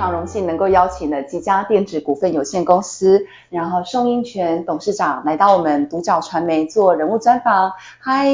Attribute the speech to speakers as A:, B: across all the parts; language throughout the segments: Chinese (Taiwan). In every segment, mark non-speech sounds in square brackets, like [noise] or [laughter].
A: 非常榮幸能夠邀請的吉嘉電子股份有限公司，然後宋英銓董事長來到我們獨角傳媒做人物專訪。嗨，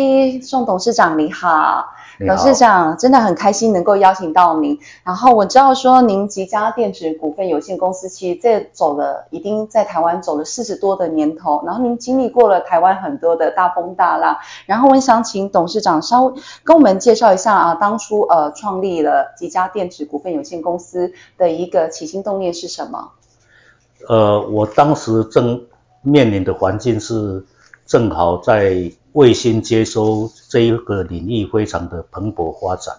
A: 宋董事長你好，你好董事長，真的很開心能夠邀請到您。然後我知道說您吉嘉電子股份有限公司其實這走了，已經在台灣走了四十多的年頭，然後您經歷過了台灣很多的大風大浪。然後我想請董事長稍微跟我們介紹一下啊，當初呃創立了吉嘉電子股份有限公司的。一個起心動念是什麼？
B: 呃，我當時正面臨的環境是，正好在衛星接收這一個領域非常的蓬勃發展，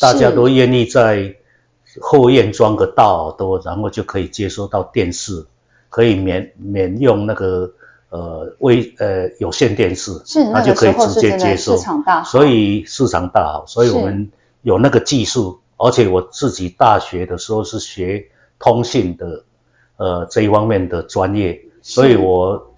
A: 大家都
B: 願意在後院裝個大耳朵，然後就可以接收到電視，可以免免用那個呃微呃有線電視，是，那就可以直接接收，所以市場大好，所以我們有那個技術。而且我自己大學的時候是學通信的，呃，這一方面的專業，是所以我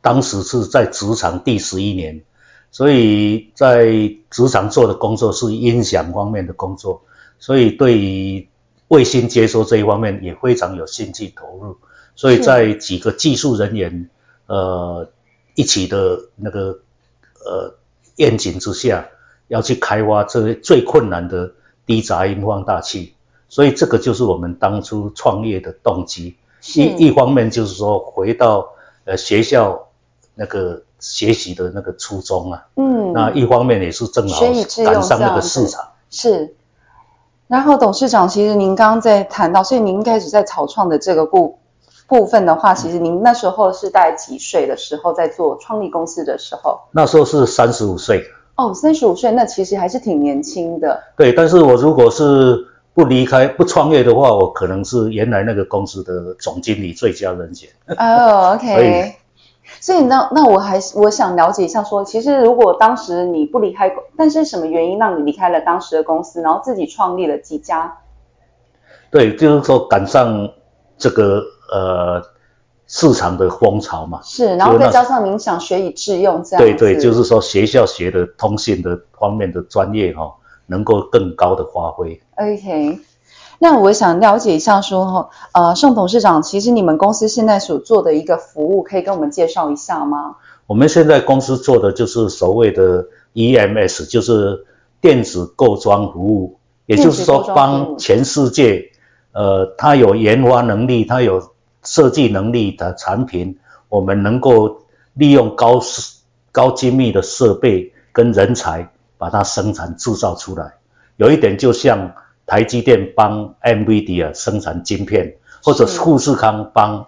B: 當時是在職場第十一年，所以在職場做的工作是音響方面的工作，所以對於衛星接收這一方面也非常有興趣投入。
A: 所以在
B: 幾個技術人員是呃一起的那個呃願景之下，要去開發這最困難的低雜音放大器。所以這個就是我們當初創業的動機。一一方面就是說回到呃學校那個學習的那個初衷啊，嗯，那一方面也是正好趕上那個市場是。
A: 是。然後董事長，其實您剛剛在談到，所以您開始在草創的這個部部分的話，其實您那時候是在幾歲的時候在做創立公司的時候？
B: 那時候是三十五歲。
A: 哦，三十五歲那其實還是挺年輕的。
B: 對，但是我如果是不離開、不創業的話，我可能是原來那個公司的總經理最佳人選。
A: 哦 OK 所以,所以那那我還我想了解一下說，說其實如果當時你不離開，但是什麼原因讓你離開了當時的公司，然後自己創立了吉嘉？
B: 對，就是說趕上這個呃。市場的風潮嘛，是，然後再加
A: 上您想學以致用這樣子，對對，就是
B: 說學校學的通信的方面的專業哈、哦，能夠更高的發揮。
A: OK，那我想了解一下說哈、呃，宋董事長，其實你們公司現在所做的一個服務，可以跟我們介紹一下嗎？
B: 我們現在公司做的就是所謂的 EMS，就是電子構裝服務，也就是說幫全世界，呃，它有研發能力，它有。設計能力的產品，我們能夠利用高高精密的設備跟人才，把它生產製造出來。有一點就像台積電幫 NVIDIA 生產晶片，或者富士康幫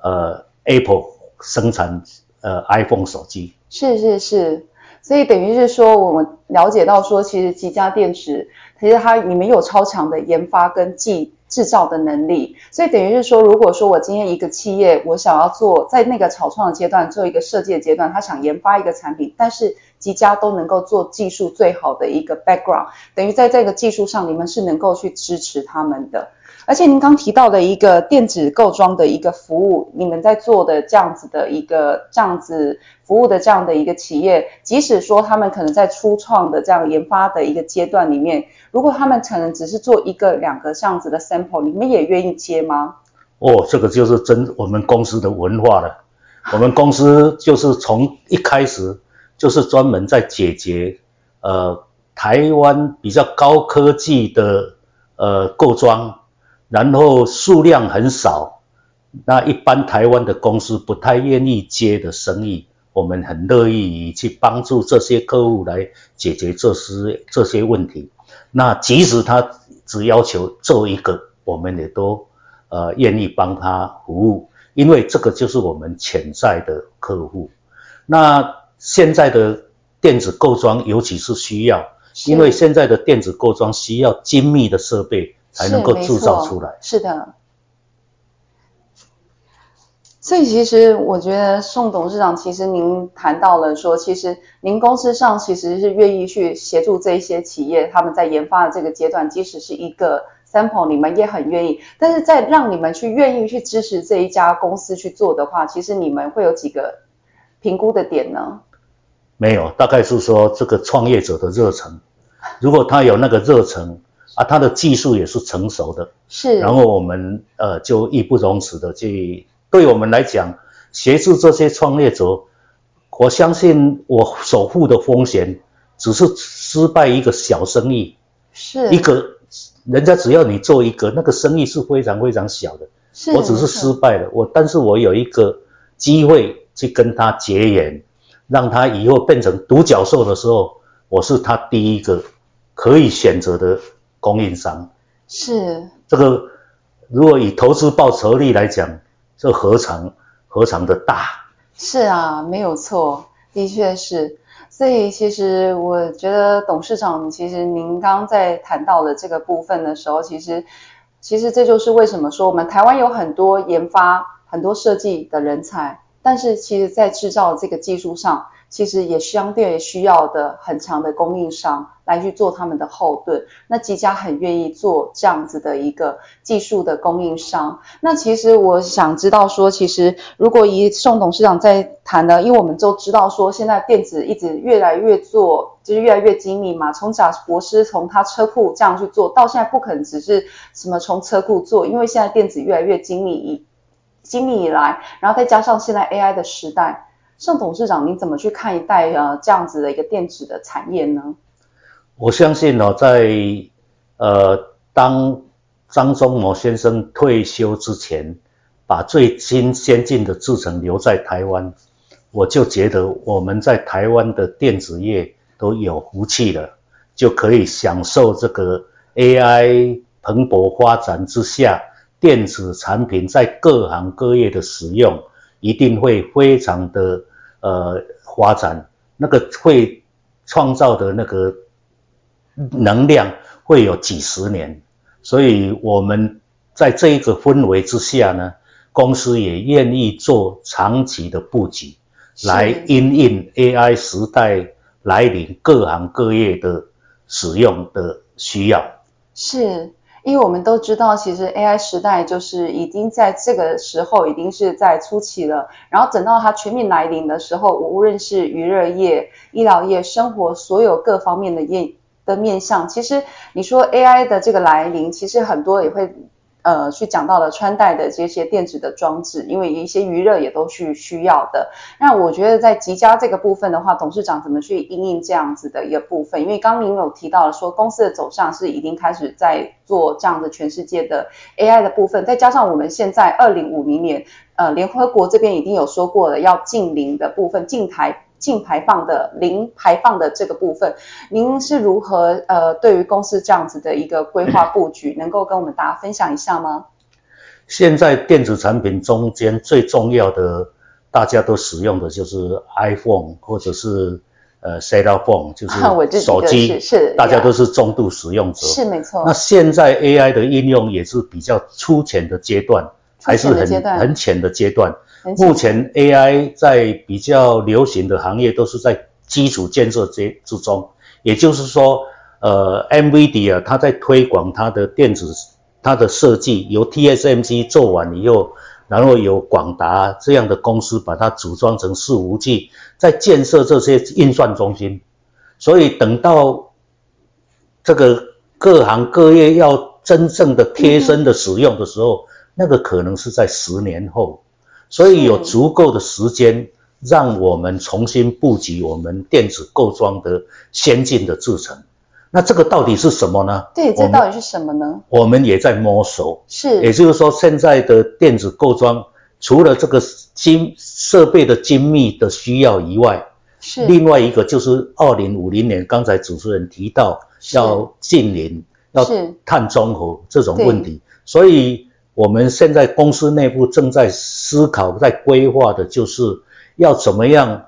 B: 呃 Apple 生產呃 iPhone 手機。
A: 是是是，所以等於是說，我們了解到說，其實吉嘉電子，其實它裡面有超強的研發跟技。製造的能力，所以等於是說，如果說我今天一個企業，我想要做在那個草創的階段，做一個設計的階段，他想研發一個產品，但是吉嘉都能夠做技術最好的一個 background，等於在這個技術上，你們是能夠去支持他們的。而且您剛提到的一個電子構裝的一個服務，你們在做的這樣子的一個這樣子服務的這樣的一個企業，即使說他們可能在初創的這樣研發的一個階段裡面，如果他們可能只是做一個兩個這樣子的 sample，你們也願意接嗎？
B: 哦，這個就是真我們公司的文化了。我們公司就是從一開始就是專門在解決呃台灣比較高科技的呃構裝。然後數量很少，那一般台灣的公司不太願意接的生意，我們很樂意去幫助這些客戶來解決這些這些問題。那即使他只要求做一個，我們也都呃願意幫他服務，因為這個就是我們潛在的客戶。那現在的電子構裝尤其是需要，因為現在的電子構裝需要精密的設備。才能夠鑄造出來，
A: 是？是的。所以，其實我覺得宋董事長，其實您談到了說，其實您公司上其實是願意去協助這一些企業，他們在研發的這個階段，即使是一個 sample，你們也很願意。但是在讓你們去願意去支持這一家公司去做的話，其實你們會有幾個評估的點呢？
B: 沒有，大概是說，這個創業者的熱忱，如果他有那個熱忱。 [laughs] 啊，他的技術也是成熟的，是。然後我們呃就義不容辭的去，對我們來講，協助這些創業者。我相信我守護的風險，只是失敗一個小生意，是。一個，人家只要你做一個那個生意是非常非常小的，是我只是失敗了我，但是我有一個機會去跟他結緣，讓他以後變成獨角獸的時候，我是他第一個可以選擇的。供應商是這個，如果以投資報酬率來講，這何嘗何嘗的大？
A: 是啊，沒有錯，的確是。所以其實我覺得董事長，其實您剛剛在談到的這個部分的時候，其實其實這就是為什麼說我們台灣有很多研發、很多設計的人才，但是其實，在制造這個技術上。其實也相對需要的很強的供應商來去做他們的後盾。那吉嘉很願意做這樣子的一個技術的供應商。那其實我想知道說，其實如果以宋董事長在談呢？因為我們都知道說，現在電子一直越來越做，就是越來越精密嘛。從賈伯斯從他車庫這樣去做，到現在不可能只是什麼從車庫做，因為現在電子越來越精密以精密以來，然後再加上現在 AI 的時代。宋董事長，您怎麼去看待呃這樣子的一個電子的產業呢？
B: 我相信呢、哦，在呃當張忠謀先生退休之前，把最新先進的製程留在台灣，我就覺得我們在台灣的電子業都有福氣了，就可以享受這個 AI 蓬勃發展之下，電子產品在各行各業的使用，一定會非常的。呃，發展，那個會創造的那個能量會有幾十年，所以我們在這一個氛圍之下呢，公司也願意做長期的佈局，是來因應 AI 時代來臨，各行各業的使用的需要。
A: 是。因為我們都知道，其實 AI 時代就是已經在這個時候，已經是在初期了。然後等到它全面來臨的時候，無論是娛樂業、醫療業、生活所有各方面的業的面向，其實你說 AI 的這個來臨，其實很多也會。呃，去講到了穿戴的這些電子的裝置，因為有一些娛樂也都去需要的。那我覺得在吉嘉這個部分的話，董事長怎麼去因應這樣子的一個部分？因為剛您有提到了說公司的走向是已經開始在做這樣的全世界的 AI 的部分，再加上我們現在二零五零年，呃，聯合國這邊已經有說過了要淨零的部分，淨台，淨排放的零排放的這個部分，您是如何，呃，對於公司這樣子的一個規劃布局，嗯、能夠跟我們大家分享一下嗎？
B: 現在電子產品中間最重要的，大家都使用的就是 iPhone 或者是呃 Cellphone 就是手機， [laughs] 我是，是大家都是重度使用者？是沒錯。那現在 AI 的應用也是比較粗淺的階段，階段還是很很淺的階段。目前 AI 在比較流行的行業都是在基礎建設之之中，也就是說，呃，NVIDIA，它在推廣它的電子它的設計，由 TSMC 做完以後，然後有廣達這樣的公司把它組裝成伺服器，在建設這些運算中心。所以等到這個各行各業要真正的貼身的使用的時候，嗯、那個可能是在十年後。所以有足夠的時間，讓我們重新布局我們電子構裝的先進的製程。那這個到底是什麼呢？對，們這到
A: 底是什麼呢？
B: 我們也在摸索。是。也就是說，現在的電子構裝，除了這個精設備的精密的需要以外，是。另外一個就是二零五零年，剛才主持人提到要淨零是要碳中和這種問題，對所以。我們現在公司內部正在思考、在規劃的，就是要怎麼樣？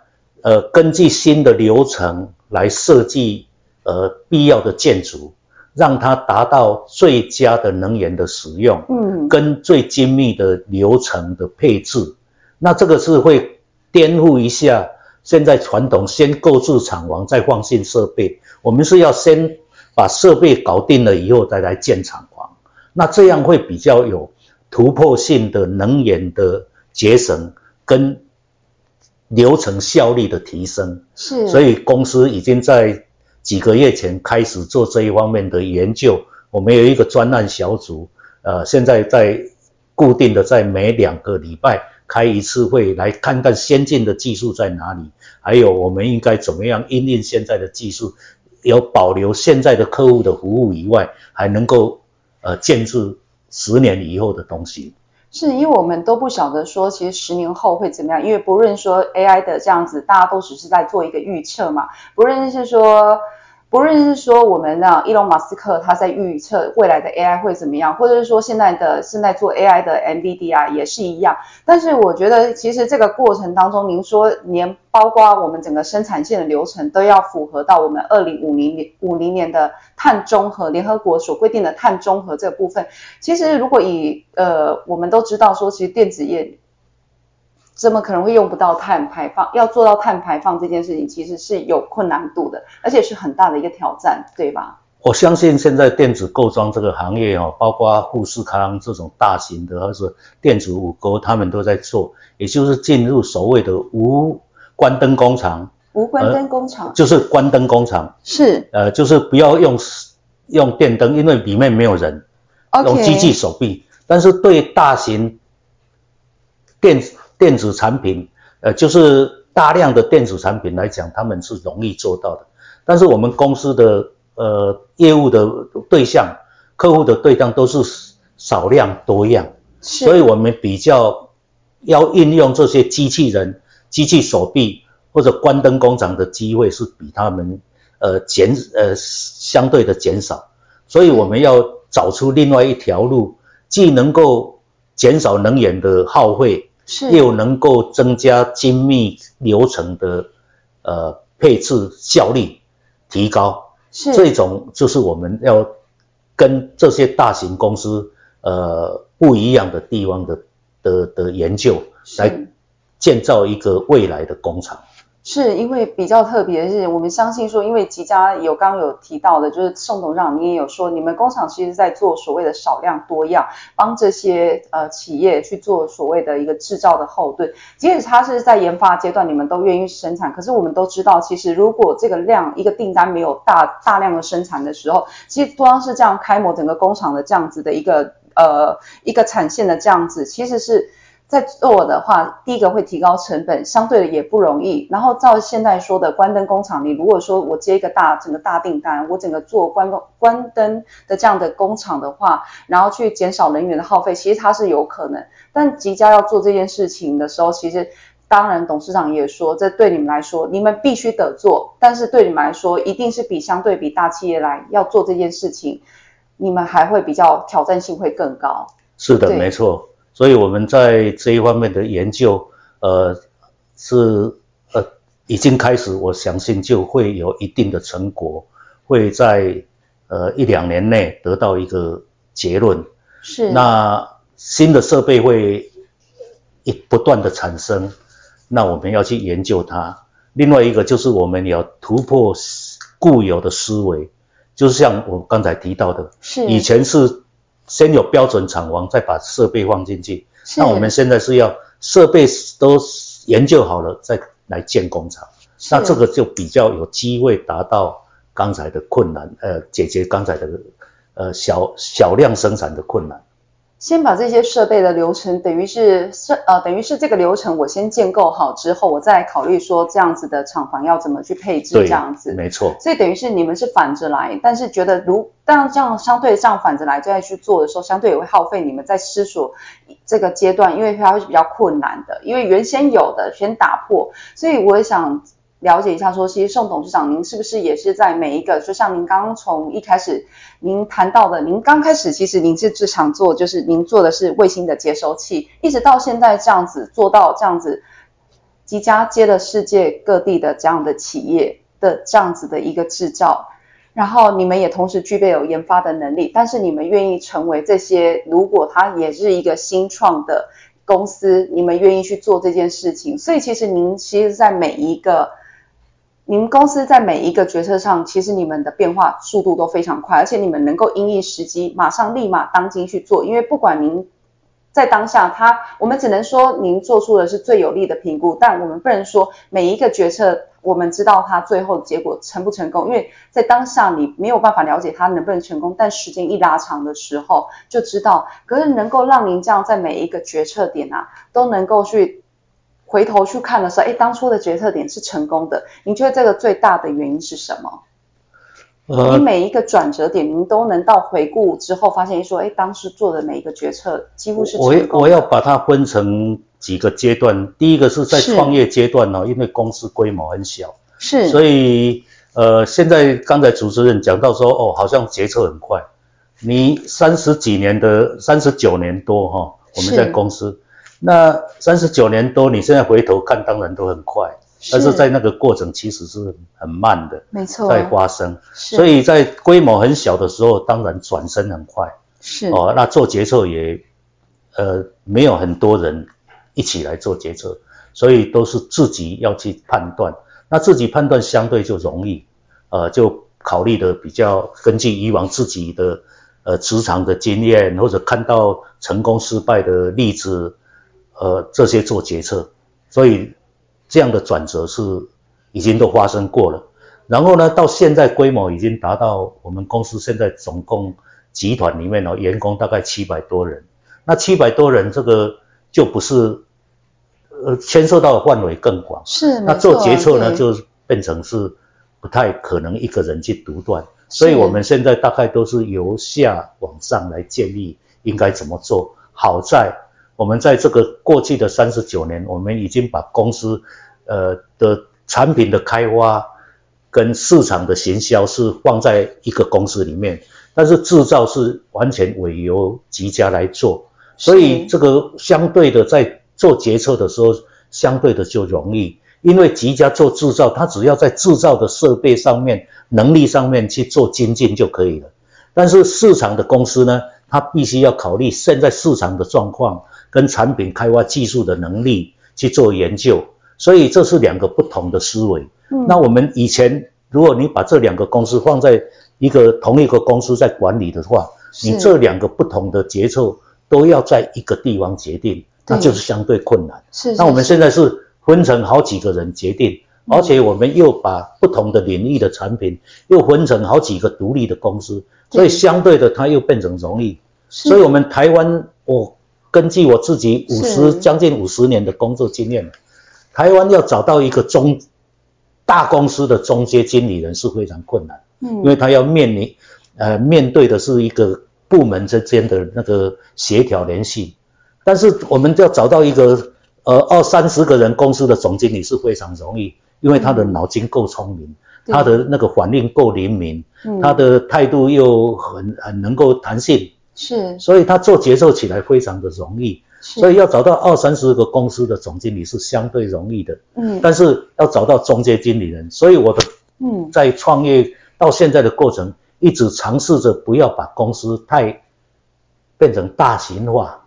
B: 呃，根據新的流程來設計呃必要的建築，讓它達到最佳的能源的使用，嗯，跟最精密的流程的配置。那這個是會顛覆一下現在傳統，先購置廠房再放新設備。我們是要先把設備搞定了以後再來建廠房，那這樣會比較有。突破性的能源的節省跟流程效率的提升是，所以公司已經在幾個月前開始做這一方面的研究。我們有一個專案小組，呃，現在在固定的在每兩個禮拜開一次會，來看看先進的技術在哪裡，還有我們應該怎麼樣應用現在的技術，有保留現在的客戶的服務以外，還能夠呃建置。十年以後的東西，
A: 是因為我們都不曉得說，其實十年後會怎麼樣。因為不論說 AI 的這樣子，大家都只是在做一個預測嘛，不論是說。不論是說我們讓伊隆馬斯克他在預測未來的 AI 會怎麼樣，或者是說現在的現在做 AI 的 NVIDIA 也是一樣。但是我覺得，其實這個過程當中，您說連包括我們整個生產線的流程都要符合到我們二零五零年五零年的碳中和，聯合國所規定的碳中和這個部分，其實如果以呃，我們都知道說，其實電子業。怎麼可能會用不到碳排放？要做到碳排放這件事情，其實是有困難度的，而且是很大的一個挑戰，對吧？
B: 我相信現在電子構裝這個行業哦，包括富士康這種大型的，或者是電子五哥，他們都在做，也就是進入所謂的無關燈工廠。
A: 無關燈工廠、呃、就是
B: 關燈工廠，是呃，就是不要用用電燈，因為裡面沒有人，Okay. 用機器手臂，但是對大型電子。電子產品，呃，就是大量的電子產品來講，他們是容易做到的。但是我們公司的呃業務的對象、客戶的對象都是少量多樣，是所以我們比較要運用這些機器人、機器手臂或者關燈工廠的機會是比他們呃減呃相對的減少，所以我們要找出另外一條路，既能夠減少能源的耗費。又能夠增加精密流程的，呃，配置效率，提高，是這種就是我們要跟這些大型公司，呃，不一樣的地方的的的研究，是來建造一個未來的工廠。
A: 是因為比較特別，是我們相信說，因為吉嘉有剛剛有提到的，就是宋董事長，你也有說，你們工廠其實在做所謂的少量多樣，幫這些呃企業去做所謂的一個制造的後盾。即使它是在研發階段，你們都願意生產，可是我們都知道，其實如果這個量一個訂單沒有大大量的生產的時候，其實不光是這樣開模，整個工廠的這樣子的一個呃一個產線的這樣子，其實是。在做的話，第一個會提高成本，相對的也不容易。然後照現在說的“關燈工廠”，你如果說我接一個大整個大訂單，我整個做關關燈的這樣的工廠的話，然後去減少人員的耗費，其實它是有可能。但吉嘉要做這件事情的時候，其實當然董事長也說，這對你們來說，你們必須得做。但是對你們來說，一定是比相對比大企業來要做這件事情，你們還會比較挑戰性會更高。
B: 是的，對沒錯。所以我們在這一方面的研究，呃，是呃已經開始，我相信就會有一定的成果，會在呃一兩年內得到一個結論。是。那新的設備會一不斷的產生，那我們要去研究它。另外一個就是我們要突破固有的思維，就是像我剛才提到的，是。以前是。先有標準廠房，再把設備放進去。那是我們現在是要設備都研究好了再來建工廠，是那這個就比較有機會達到剛才的困難，呃，解決剛才的，呃，小小量生產的困難。
A: 先把這些設備的流程等於是設，呃，等於是這個流程我先建構好之後，我再考慮說，這樣子的廠房要怎麼去配置這樣子，
B: 對，沒錯。所
A: 以等於是你們是反着來，但是覺得如當這樣相對這樣反着來再去做的時候，相對也會耗費你們在思索這個階段，因為它會比較困難的，因為原先有的先打破，所以我想。了解一下，說其實宋董事長，您是不是也是在每一個，就像您剛剛從一開始，您談到的，您剛開始其實您是只想做，就是您做的是衛星的接收器，一直到現在這樣子做到這樣子，吉嘉接了世界各地的這樣的企業的這樣子的一個製造，然後你們也同時具備有研發的能力，但是你們願意成為這些，如果它也是一個新創的公司，你們願意去做這件事情，所以其實您其實，在每一個。你們公司在每一個決策上，其實你們的變化速度都非常快，而且你們能夠因應時機，馬上立馬當今去做。因為不管您在當下，他我們只能說您做出的是最有利的評估，但我們不能說每一個決策，我們知道它最後的結果成不成功，因為在當下你沒有辦法了解它能不能成功，但時間一拉長的時候就知道。可是能夠讓您這樣在每一個決策點啊，都能夠去。回頭去看的時候，哎，當初的決策點是成功的。您覺得這個最大的原因是什麼？呃、你每一個轉折點，您都能到回顧之後發現說，說哎，當時做的每一個決策幾乎是成功的。我
B: 我要把它分成幾個階段。第一個是在創業階段是因為公司規模很小，是。所以，呃，現在剛才主持人講到說，哦，好像決策很快。你三十幾年的三十九年多哈，我們在公司。那三十九年多，你現在回頭看，當然都很快，是。但是在那個過程，其實是很慢的，沒錯，在發生。是所以，在規模很小的時候，當然轉身很快，是哦。那做決策也，呃，沒有很多人一起來做決策，所以都是自己要去判斷。那自己判斷相對就容易，呃，就考慮的比較根據以往自己的呃職場的經驗，或者看到成功失敗的例子。呃，這些做決策，所以這樣的轉折是已經都發生過了。然後呢，到現在規模已經達到，我們公司現在總共集團裡面的、呃、員工大概七百多人。那七百多人，這個就不是呃牽涉到的範圍更廣，是。那做決策呢，對就變成是不太可能一個人去獨斷。所以我們現在大概都是由下往上來建議應該怎麼做。是好在。我們在這個過去的三十九年，我們已經把公司，呃，的產品的開發跟市場的行銷是放在一個公司裡面，但是制造是完全委由吉嘉來做，所以這個相對的在做決策的時候，相對的就容易，因為吉嘉做制造，他只要在制造的設備上面、能力上面去做精進就可以了。但是市場的公司呢，他必須要考慮現在市場的狀況。跟產品開發技術的能力去做研究，所以這是兩個不同的思維。嗯，那我們以前，如果你把這兩個公司放在一個同一個公司在管理的話，你這兩個不同的節奏都要在一個地方決定，對 那就是相對困難。是,是，那我們現在是分成好幾個人決定，而且我們又把不同的領域的產品又分成好幾個獨立的公司，所以相對的它又變成容易。對 所以，我們台灣我、哦。根據我自己五十將近五十年的工作經驗，是台灣要找到一個中大公司的中階經理人是非常困難，嗯、因為他要面臨，呃，面對的是一個部門之間的那個協調聯繫，但是我們就要找到一個，呃，二三十個人公司的總經理是非常容易，因為他的腦筋夠聰明，嗯、他的那個反應夠靈敏，對他的態度又很很能夠彈性。是，所以他做決策起來非常的容易，是所以要找到二三十個公司的總經理是相對容易的，嗯，但是要找到中介經理人，所以我的，嗯，在創業到現在的過程，一直嘗試着不要把公司太變成大型化，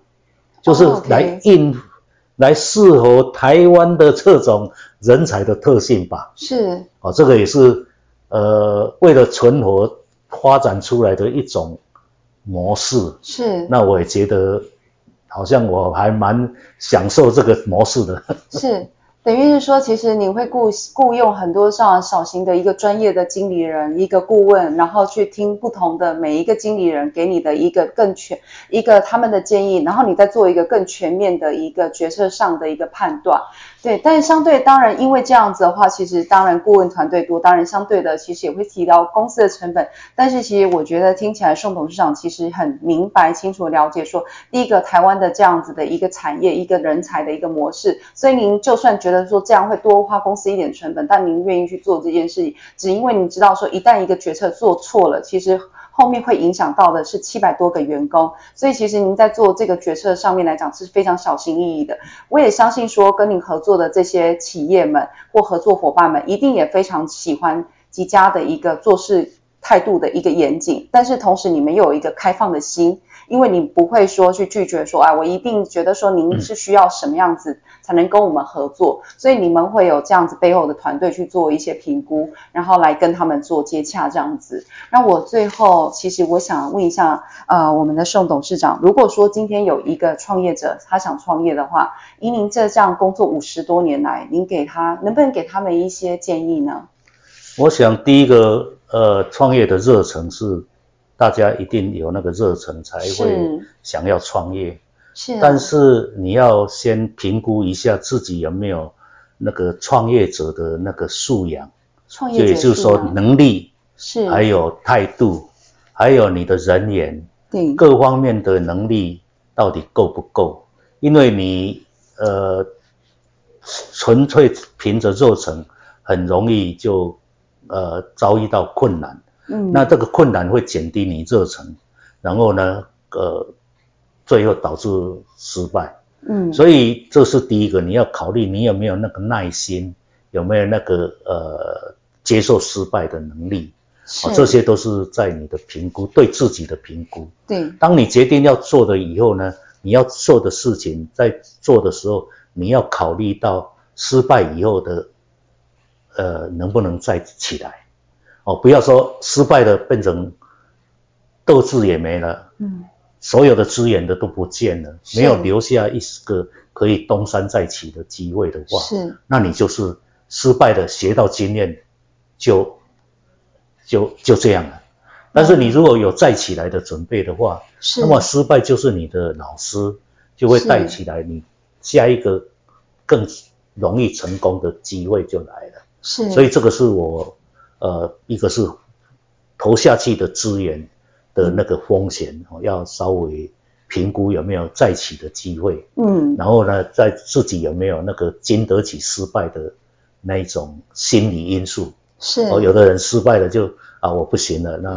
B: 哦、就是來應、哦 okay、來適合台灣的這種人才的特性吧，是，哦，這個也是，呃，為了存活發展出來的一種。模式是，那我也覺得，好像我還蠻享受這個模式的。
A: 是，等於是說，其實你會雇雇傭很多上小型的一個專業的經理人，一個顧問，然後去聽不同的每一個經理人給你的一個更全一個他們的建議，然後你再做一個更全面的一個決策上的一個判斷。對，但是相對當然，因為這樣子的話，其實當然顧問團隊多，當然相對的其實也會提高公司的成本。但是其實我覺得聽起來，宋董事長其實很明白、清楚了解說，說第一個台灣的這樣子的一個產業、一個人才的一個模式。所以您就算覺得說這樣會多花公司一點成本，但您願意去做這件事情，只因為你知道說一旦一個決策做錯了，其實。後面會影響到的是七百多個員工，所以其實您在做這個決策上面來講是非常小心翼翼的。我也相信說，跟您合作的這些企業們或合作夥伴們，一定也非常喜歡吉嘉的一個做事態度的一個嚴謹，但是同時你們又有一個開放的心。因為你不會說去拒絕說，哎，我一定覺得說您是需要什麼樣子才能跟我們合作，嗯、所以你們會有這樣子背後的團隊去做一些評估，然後來跟他們做接洽這樣子。那我最後其實我想問一下，呃，我們的宋董事長，如果說今天有一個創業者他想創業的話，以您這，這樣工作五十多年來，您給他能不能給他們一些建議呢？
B: 我想第一個，呃，創業的熱忱是。大家一定有那個熱忱，才會想要創業。是是啊，但是你要先評估一下自己有沒有那個創業者的那個素養，就也就是說能力，是還有態度，還有你的人緣，對各方面的能力到底夠不夠？因為你呃純粹憑着熱忱，很容易就呃遭遇到困難。嗯，那這個困難會減低你熱忱，然後呢，呃，最後導致失敗。嗯，所以這是第一個，你要考慮你有沒有那個耐心，有沒有那個呃接受失敗的能力。是、哦。這些都是在你的評估，對自己的評估。對。當你決定要做的以後呢，你要做的事情，在做的時候，你要考慮到失敗以後的，呃，能不能再起來。哦，不要說失敗了變成鬥志也沒了，嗯，所有的資源的都不見了，是沒有留下一個可以東山再起的機會的話，是，那你就是失敗的學到經驗就，就就就這樣了。嗯，但是你如果有再起來的準備的話，是，那麼失敗就是你的老師，就會帶起來你下一個更容易成功的機會就來了，是，所以這個是我。呃，一個是投下去的資源的那個風險，哦、要稍微評估有沒有再起的機會。嗯，然後呢，在自己有沒有那個經得起失敗的那一種心理因素？是、哦，有的人失敗了就。我不行了，那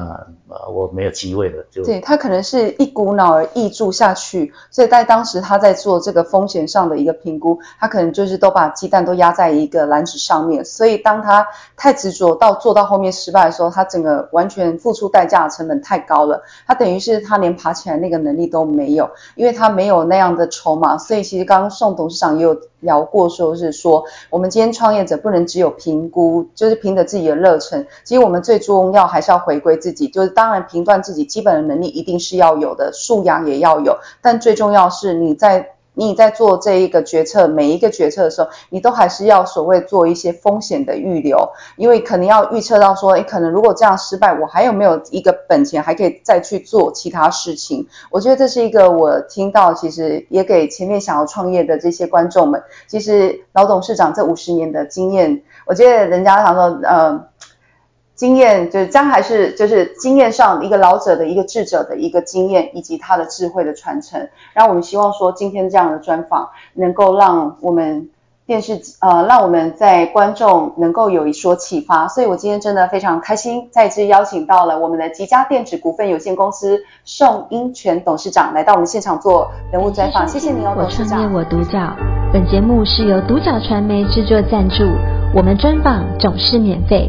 B: 呃我沒有機會了，就對，
A: 他可能是一股腦兒挹注下去，所以在當時他在做這個風險上的一個評估，他可能就是都把雞蛋都壓在一個籃子上面，所以當他太執着到做到後面失敗的時候，他整個完全付出代價的成本太高了，他等於是他連爬起來那個能力都沒有，因為他沒有那樣的籌碼，所以其實剛剛宋董事長也有聊過說，就是說我們今天創業者不能只有評估，就是憑着自己的熱忱，其實我們最終要。還是要回歸自己，就是當然評斷自己基本的能力一定是要有的，素養也要有，但最重要是你在你，你在做這一個決策，每一個決策的時候，你都還是要所謂做一些風險的預留，因為可能要預測到說，誒，可能如果這樣失敗，我還有沒有一個本錢還可以再去做其他事情？我覺得這是一個我聽到，其實也給前面想要創業的這些觀眾們，其實老董事長這五十年的經驗，我覺得人家常說，呃。經驗就是將還是就是經驗，上一個老者的一個智者的一個經驗以及他的智慧的傳承。然後我們希望說今天這樣的專訪能夠讓我們電視，呃，讓我們在觀眾能夠有一說啟發。所以我今天真的非常開心再一次邀請到了我們的吉嘉電子股份有限公司宋英銓董事長來到我們現場做人物專訪。謝謝您哦，董事
B: 長。我創業我獨角。本節目是由獨角傳媒製作贊助，我們專訪總是免
A: 費。